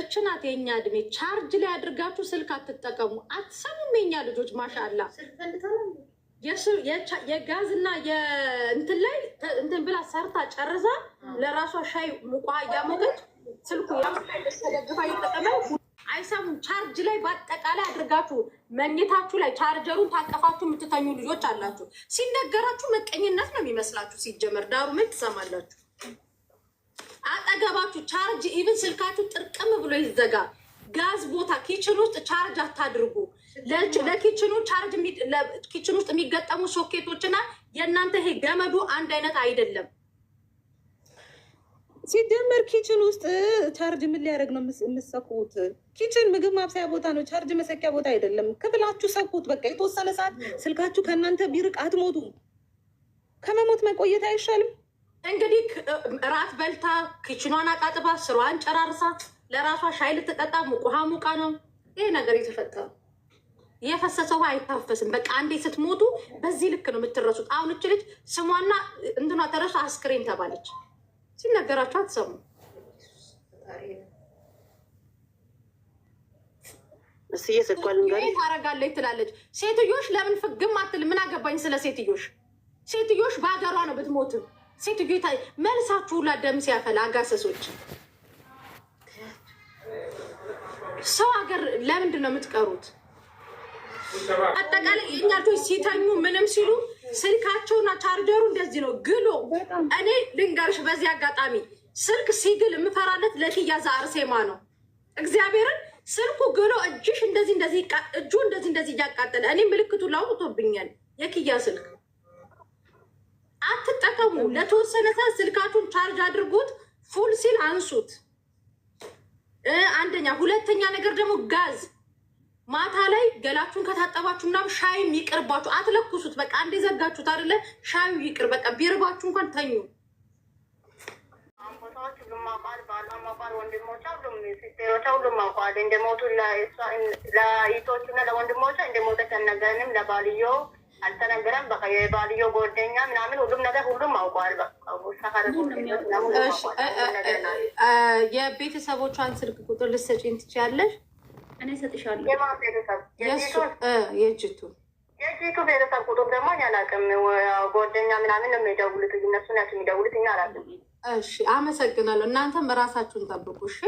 እች ናት የእኛ እድሜ። ቻርጅ ላይ አድርጋችሁ ስልክ አትጠቀሙ። አትሰሙም? የኛ ልጆች ማሻላ የጋዝና የእንትን ላይ እንትን ብላ ሰርታ ጨርዛ ለራሷ ሻይ ሙቋ እያሞቀች ስልኩ ተደግፋ እየጠቀመ አይሰሙም። ቻርጅ ላይ በአጠቃላይ አድርጋችሁ መኝታችሁ ላይ ቻርጀሩን ታቀፋችሁ የምትተኙ ልጆች አላችሁ። ሲነገራችሁ መቀኝነት ነው የሚመስላችሁ። ሲጀመር ዳሩ ምን ትሰማላችሁ? አጠገባችሁ ቻርጅ ኢቭን ስልካችሁ ጥርቅም ብሎ ይዘጋ። ጋዝ ቦታ ኪችን ውስጥ ቻርጅ አታድርጉ። ለኪችኑ ቻርጅ ኪችን ውስጥ የሚገጠሙ ሶኬቶችና የእናንተ ይሄ ገመዱ አንድ አይነት አይደለም። ሲጀመር ኪችን ውስጥ ቻርጅ ምን ሊያደርግ ነው የምሰኩት? ኪችን ምግብ ማብሰያ ቦታ ነው፣ ቻርጅ መሰኪያ ቦታ አይደለም። ክብላችሁ ሰኩት። በቃ የተወሰነ ሰዓት ስልካችሁ ከእናንተ ቢርቅ አትሞቱም። ከመሞት መቆየት አይሻልም? እንግዲህ እራት በልታ ክችኗን አቃጥባ ስሯን ጨራርሳ ለራሷ ሻይ ልትጠጣ ሙቁሃ ሙቃ ነው ይሄ ነገር የተፈጠረው። የፈሰሰው አይታፈስም። በቃ አንዴ ስትሞቱ በዚህ ልክ ነው የምትረሱት። አሁን እች ልጅ ስሟና እንትኗ ተረሱ አስክሬን ተባለች። ሲነገራችሁ አትሰሙ። ታረጋለች ትላለች። ሴትዮሽ ለምን ፍግም አትል? ምን አገባኝ ስለ ሴትዮሽ። ሴትዮሽ በሀገሯ ነው ብትሞትም ሴትዮ መልሳችሁ ሁላ ደም ሲያፈላ አጋሰሶች ሰው ሀገር ለምንድን ነው የምትቀሩት? አጠቃላይ የኛ ሲተኙ ምንም ሲሉ ስልካቸውና ቻርጀሩ እንደዚህ ነው ግሎ። እኔ ልንገርሽ በዚህ አጋጣሚ ስልክ ሲግል የምፈራለት ለትያዛ አርሴማ ነው። እግዚአብሔርን ስልኩ ግሎ እጅሽ እንደዚህ እንደዚህ እጁ እንደዚህ እንደዚህ እያቃጠለ እኔ ምልክቱ ላውጥቶብኛል የክያ ስልክ አትጠቀሙ። ለተወሰነ ሰዓት ስልካችሁን ቻርጅ አድርጉት፣ ፉል ሲል አንሱት። አንደኛ። ሁለተኛ ነገር ደግሞ ጋዝ ማታ ላይ ገላችሁን ከታጠባችሁ ምናምን ሻይም ይቅርባችሁ፣ አትለኩሱት። በቃ አንዴ ዘጋችሁት አይደለ? ሻዩ ይቅር። በቃ ቢርባችሁ እንኳን ተኙ። እንደሞቱ ለእህቶቹና ለወንድሞቿ እንደሞተች ነገርንም ለባልየው አልተነገረም። በቃ የባልዮ ጓደኛ ምናምን ሁሉም ነገር ሁሉም አውቋል። የቤተሰቦቿን ስልክ ቁጥር ልትሰጪኝ ትችያለሽ? እኔ እሰጥሻለሁ። የእጅቱ የእጅቱ ቤተሰብ ቁጥር ደግሞ እኔ አላውቅም። ጓደኛ ምናምን ነው የሚደውሉት፣ እነሱ ናቸው የሚደውሉት፣ እኛ አላውቅም። እሺ፣ አመሰግናለሁ። እናንተም ጠብቁ። እሺ፣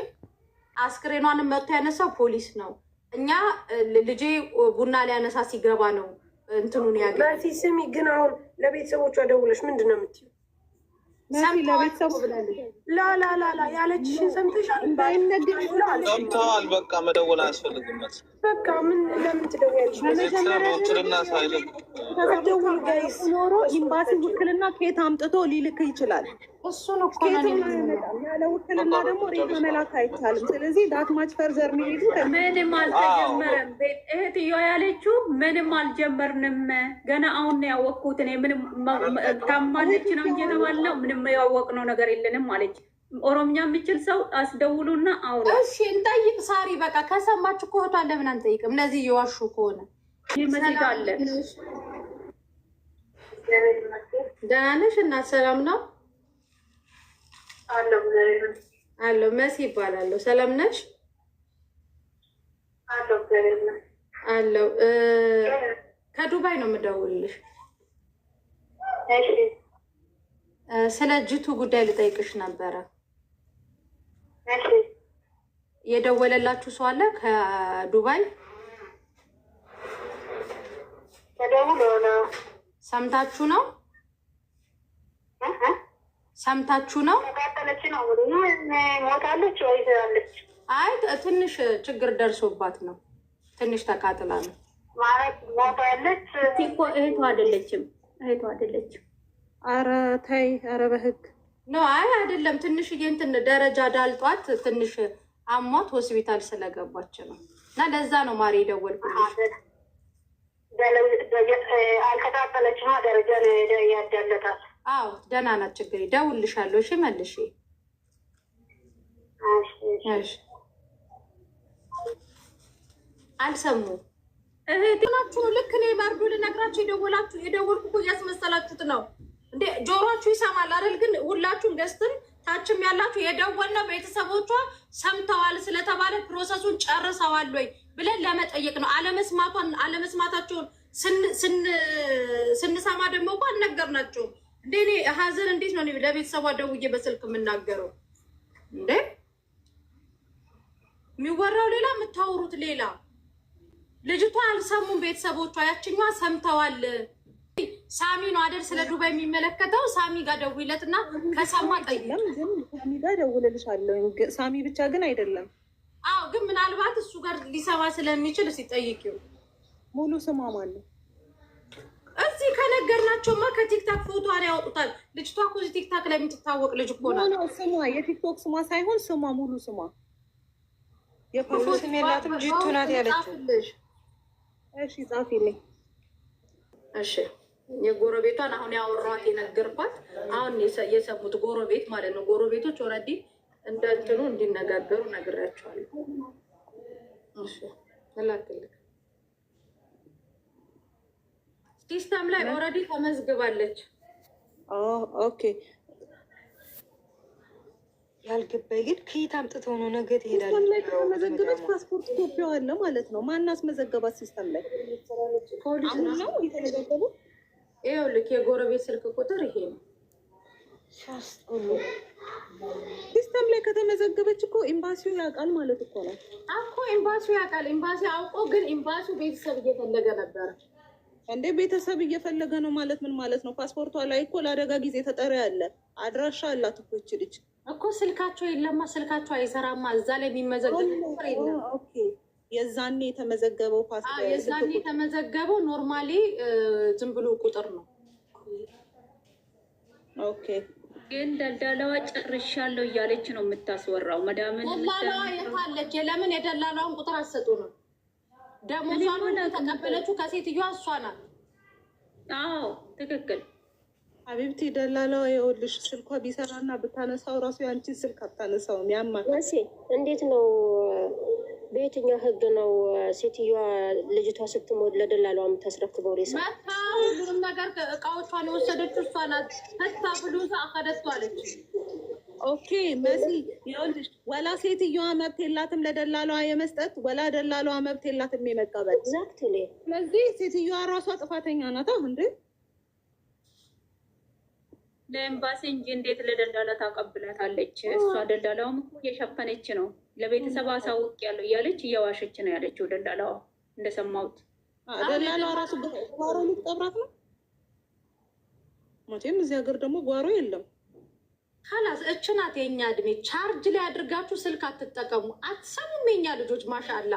አስክሬኗንም መጥቶ ያነሳው ፖሊስ ነው። እኛ ልጄ ቡና ሊያነሳ ሲገባ ነው እንትኑን ያገ መሲ ስሚ ግን አሁን ለቤተሰቦቿ ደውለሽ ምንድን ነው የምትይው? ላላላላ ያለችሽን ሰምተሻል። ሰምተዋል። በቃ መደወል አያስፈልግም መሲ በቃ ምን ጋይስ ኖሮ ኢምባሲ ውክልና ከየት አምጥቶ ሊልክ ይችላል። እሱን እኮ ያለ ውክልና ደግሞ ሬት መላክ አይቻልም። ስለዚህ ፈርዘር ሚሄዱ ምንም አልተጀመረም። እህትዮ ያለችው ምንም አልጀመርንም ገና አሁን ነው ያወቅኩት እኔ ምንም ታማለች ነው ምንም ያወቅነው ነገር የለንም አለች። ኦሮምኛ የምችል ሰው አስደውሉና አውሩ። እሺ እንጠይቅ። ሳሪ በቃ ከሰማችሁ እኮ ለምን አንጠይቅም? እነዚህ የዋሹ ከሆነ ይመስጋለን። ደህና ነሽ እናት? ሰላም ነው አለው። መሲ ይባላለሁ። ሰላም ነሽ አለው። ከዱባይ ነው የምደውልልሽ ስለ ጅቱ ጉዳይ ልጠይቅሽ ነበረ። የደወለላችሁ ሰው አለ ከዱባይ ሰምታችሁ ነው ሰምታችሁ ነው አይ ትንሽ ችግር ደርሶባት ነው። ትንሽ ተቃጥላ ነው ማለት ሞታለች እኮ። እህቷ አይደለችም፣ እህቷ አይደለችም። አረ ተይ፣ አረ በህግ ነው። አይ አይደለም፣ ትንሽ እንትን ደረጃ ዳልጧት ትንሽ አሟት ሆስፒታል ስለገባች ነው። እና ለዛ ነው ማሪ የደወልኩልሽ። ደረጃ አዎ ደህና ናት፣ ችግር ደውልልሻለሁ። እሺ መልሽ። አልሰሙ እህቴ ልክ እኔ ባርዶ ልነግራችሁ የደወላችሁ የደወልኩ እያስመሰላችሁት ነው እንዴ ጆሮቹ ይሰማል አይደል? ግን ሁላችሁም ገዝትም ታችም ያላችሁ የደወል ነው ቤተሰቦቿ ሰምተዋል ስለተባለ ፕሮሰሱን ጨርሰዋል ወይ ብለን ለመጠየቅ ነው። አለመስማቷን አለመስማታቸውን ስንሰማ ደግሞ እኮ አልነገርናቸውም። እንደ እኔ ሀዘን እንዴት ነው ለቤተሰቧ ደውዬ በስልክ የምናገረው? እንደ የሚወራው ሌላ የምታወሩት ሌላ። ልጅቷ አልሰሙም ቤተሰቦቿ፣ ያችኛዋ ሰምተዋል ሳሚ ነው አደር ስለ ዱባይ የሚመለከተው ሳሚ ጋር ደውይለት እና ከሰማ ጠይቅም። ሳሚ ጋር ደውልልሻለሁ። ሳሚ ብቻ ግን አይደለም። አዎ፣ ግን ምናልባት እሱ ጋር ሊሰማ ስለሚችል ሲጠይቂው ሙሉ ስማ ማለው እዚህ ከነገርናቸውማ ከቲክታክ ፎቶ ፎቶዋን ያወጡታል። ልጅቷ እኮ እዚህ ቲክታክ ላይ የምትታወቅ ልጅ እኮ ናት። ስማ፣ የቲክቶክ ስማ ሳይሆን ስማ፣ ሙሉ ስማ። የፖሎ ስም የላትም ጅቱ ናት ያለችው። እሺ፣ ጻፊልኝ። እሺ የጎረቤቷን አሁን ያወሯት የነገርኳት አሁን የሰሙት ጎረቤት ማለት ነው። ጎረቤቶች ወረዲ እንደንትኑ እንዲነጋገሩ ነግሬያቸዋለሁ። ሲስተም ላይ ኦልሬዲ ተመዝግባለች። ኦኬ ያልገባኝ ግን ከየት አምጥተው ነው ነገ ትሄዳለች? ተመዘገበች ፓስፖርት ኮፒዋ አለ ማለት ነው። ማናስ መዘገባት ሲስተም ላይ ፖሊስ ነው የተመዘገበው ይኸው ልክ የጎረቤት ስልክ ቁጥር ይሄ ነው። ሲስተም ላይ ከተመዘገበች እኮ ኤምባሲው ያውቃል ማለት እኮ ነው እኮ ኤምባሲው ያውቃል። ኤምባሲ አውቆ ግን ኤምባሲው ቤተሰብ እየፈለገ ነበረ እንዴ? ቤተሰብ እየፈለገ ነው ማለት ምን ማለት ነው? ፓስፖርቷ ላይ እኮ ለአደጋ ጊዜ ተጠሪ አለ፣ አድራሻ አላት እኮ ይች ልጅ እኮ ስልካቸው የለማ፣ ስልካቸው አይሰራማ። እዛ ላይ የሚመዘገብ ቁጥር የዛኔ የተመዘገበው ፓስፖርት የዛኔ የተመዘገበው ኖርማሊ ዝም ብሎ ቁጥር ነው። ኦኬ ግን ደልዳላዋ ጨርሻለሁ እያለች ነው የምታስወራው። መዳምን ደላላዋ የታለች? ለምን የደላላዋን ቁጥር አሰጡ ነው ደሞዟን ተቀበለችው ከሴትዮዋ እሷ ናት። አዎ ትክክል አቢብቲ ደላላዋ የወልሽ ስልኳ ቢሰራና ብታነሳው ራሱ የአንቺን ስልክ አታነሳውም። ያማ እንዴት ነው በየትኛው ህግ ነው ሴትዮዋ ልጅቷ ስትሞት ለደላሏ የምታስረክበው? ሬሳ መታ ሁሉንም ነገር እቃዎቿን የወሰደችው እሷ ናት። ህታ ብሉዛ አከደቱ አለች። ኦኬ መሲ ይኸውልሽ፣ ወላ ሴትዮዋ መብት የላትም ለደላሏ የመስጠት ወላ ደላሏ መብት የላትም የመቀበል። ኤግዛክትሊ። ስለዚህ ሴትዮዋ ራሷ ጥፋተኛ ናታ እንዴ? ለኤምባሲ እንጂ እንዴት ለደላላ ታቀብላታለች? እሷ ደላላውም እኮ እየሸፈነች ነው ለቤተሰብ አሳውቅ ያለው እያለች እየዋሸች ነው ያለችው። ደላላዋ እንደሰማሁት ደላላዋ ራሱ ጓሮ ልትቀብራት ነው። ሞቴም እዚህ ሀገር ደግሞ ጓሮ የለም። ካላስ እች ናት የእኛ እድሜ ቻርጅ ላይ አድርጋችሁ ስልክ አትጠቀሙ። አትሰሙም የኛ ልጆች ማሻላ